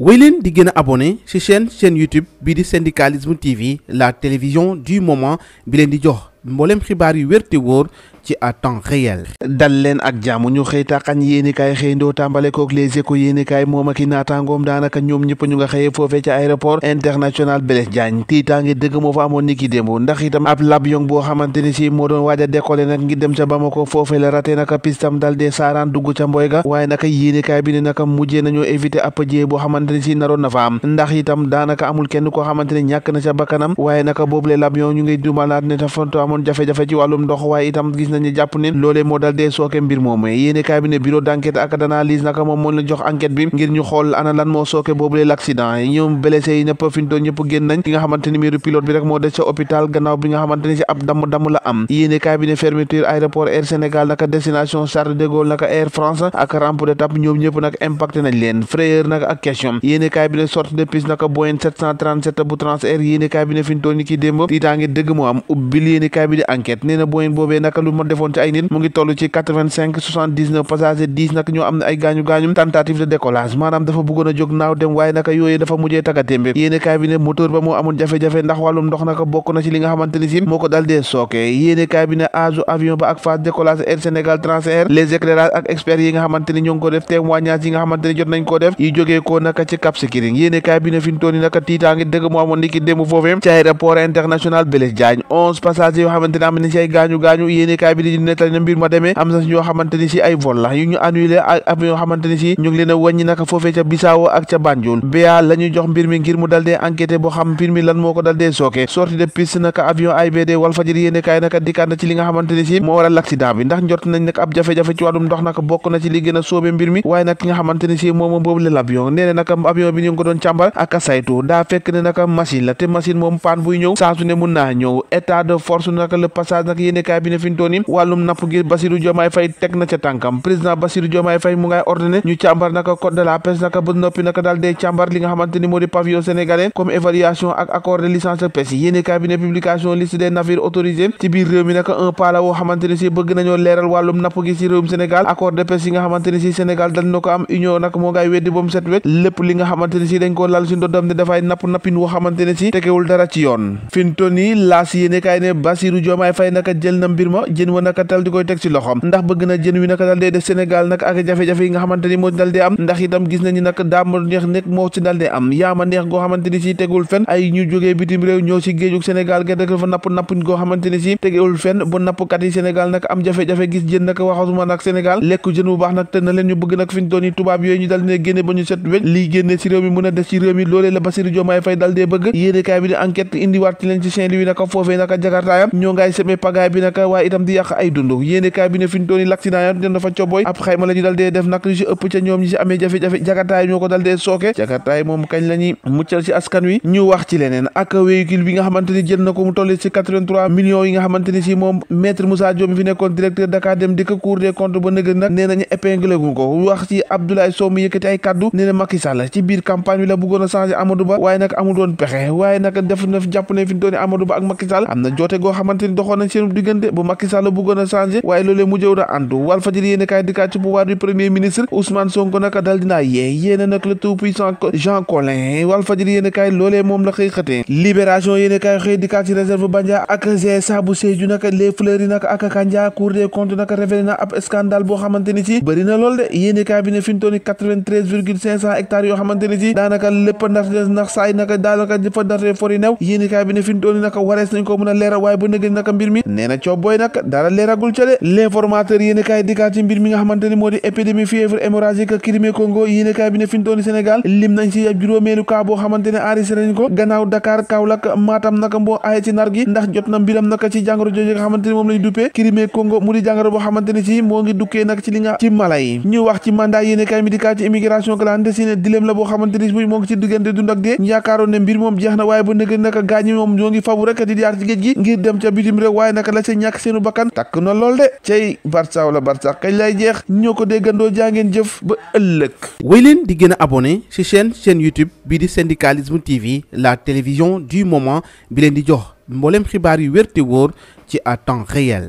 wéy leen di gën a abonné si chaîne chaîne YouTube bii di syndicalisme TV la télévision du moment bi leen di jox mboolem xibaar yu wér te wóor ci a temps réel dal leen ak jàmm ñu xëy tàqañ yéenikaay xëy ndoo tàmbale kook les échos yéenikaay moom ak i naataangoom daanaka ñoom ñëpp ñu nga xëyee foofee ci aéroport international Blaise Diagne tiitaange dëgg moo amoon niki démb ndax itam ab l'avion boo xamante ni moo doon a waaye naka yéenikaay bi ne naka mujjee nañoo éviter ab boo xamante ni naroon na am ndax itam daanaka amul kenn koo xamante ne na ca bakkanam waaye naka boobule nañu jàpp ne loolee moo dal dee sooke mbir moomee yéene kaay bi ne bureau d'enquête ak d'analyse naka moom moo leen jox enquête bi ngir ñu xool ana lan moo sooke boobule l'accident ñoom blessé yi ñëpp ñëpp génn nañ ki nga xamante ni miiru bi rek moo des ca hôpital gannaaw bi nga xamante ni ci ab damm damm la am yéene kaay bi ne fermeture aéroport Air Sénégal naka destination Charles de Gaulle naka Air France ak rampe de piste naka Boeing naka lu moo defoon ci ay nit mu ngi toll ci quatre-vingt-cinq soixante-dix-neuf passagers dix nag ñoo am ne ay gaañu gaañu tentative de décollage maanaam dafa bëggoon a naaw dem waaye naka yooyu dafa mujjee tagatémbe yéene kaay bi ne moteur ba moo amoon jafe-jafe ndax wàllum ndox naka bokk na ci li nga xamante ni si moo ko dal dee sooke yéene kaay bi ne avion ba ak phase décollage Air Sénégal Transair les éclairages ak experts yi nga xamante ni ñoo kaay bi di a ndax njort nañ nag ab jafe-jafe ci wàllum ndox naka bokk na ci li gën a mbir mi waaye nag xamante ni si moom boobu a paan buy ñëw saa ne mun naa ñëw état de force naka le passage nag yéene kaay bi ne fi ni wàllum napp gi Bassirou Diomaye Faye teg na ca tànkam président Bassirou Diomaye Faye mu ngay ordonné ñu càmbar naka code de la pêche naka ba noppi naka daal dee càmbar li nga xamante ni moo di pavillon sénégalais comme évaluation ak accord de licence de pêche yi yéene cabinet publication liste des navires autorisés ci réew mi naka un pas la woo xamante ni si bëgg nañoo leeral wàllum napp gi si réewum Sénégal accord de yi nga xamante ni si Sénégal dañ na ko am union jën wa naka tal di koy teg ci loxom ndax bëgg na jën wi naka dal def Sénégal nag am jafe-jafe gis jën nag waxasuma nag Sénégal lekku jën bu baax nag te na leen ñu bëgg nag fi tubaab yooyu ñu dal génne ba ñu set weñ lii génne si réew mi mun a des ci réew mi loolee la Bassirou Diomaye Faye bëgg yéene kaay bi di enquête indiwaat ci leen ci Saint-Louis naka foofee naka jakartaayam ñoo ngaay seme pagaay bi naka waaye itam di yàq ay wi nga xamante ni na ko mu toll ci 83 millions yi nga xamante si moom maître Moussa Diop mi fi nekkoon directeur Dakar dem dikk cour des comptes ba nëgër nag nee nañu épinglé ko wax ci Abdoulaye Sow mu yëkkati ay kaddu nee na ci biir campagne bi la bëggoon a changé Amadou Ba waaye nag amul woon pexe waaye nag def na jàpp ne fi ñu doon Ba ak Macky am na joote goo xamante ni doxoon nañ diggante bu la a changé waaye loolee mu jëw na antu wal fajër yéen kaay dikkaat ci pouvoir premier ministre Ousmane Sonko naka dal dinaa yee yéen a nag moom la xëy xëtee libération yéen kaay bi ne fi mu yoo xamante ni daanaka lépp ndax ndax saay naka daanaka dafa ndax fori new yéen kaay bi ne fi naka warees nañ ko mën a leeral waaye bu nëgëj naka mbir mi nee na booy nag dara leeragul ca de l'informateur yéen kaay ci mbir mi nga xamante moo di épidémie fièvre hémorragique Crimée Congo yéen bi ne fi Sénégal lim nañ ci ab juróomeelu cas boo xamante ne ci mala yi ñu wax ci mandat yéen kaay mi dikkaat ci immigration clandestine dilem la boo xamante ni moo ngi ci diggante dund ak dee ñu yaakaaroon ne mbir moom jeex na waaye ba nëgën naka gaañi moom ñoo ngi fabu rek di jaar ci géej gi ngir dem ca bitim takk na lool de cey barsa wala barsa kañ lay jeex ñoo ko déggandoo jàngeen jëf ba ëllëg wéy leen di gën a abonné ci chaîne chaîne YouTube bii di syndicalisme TV la télévision du moment bi leen di jox mbooleem xibaar yu wér wóor ci à temps réel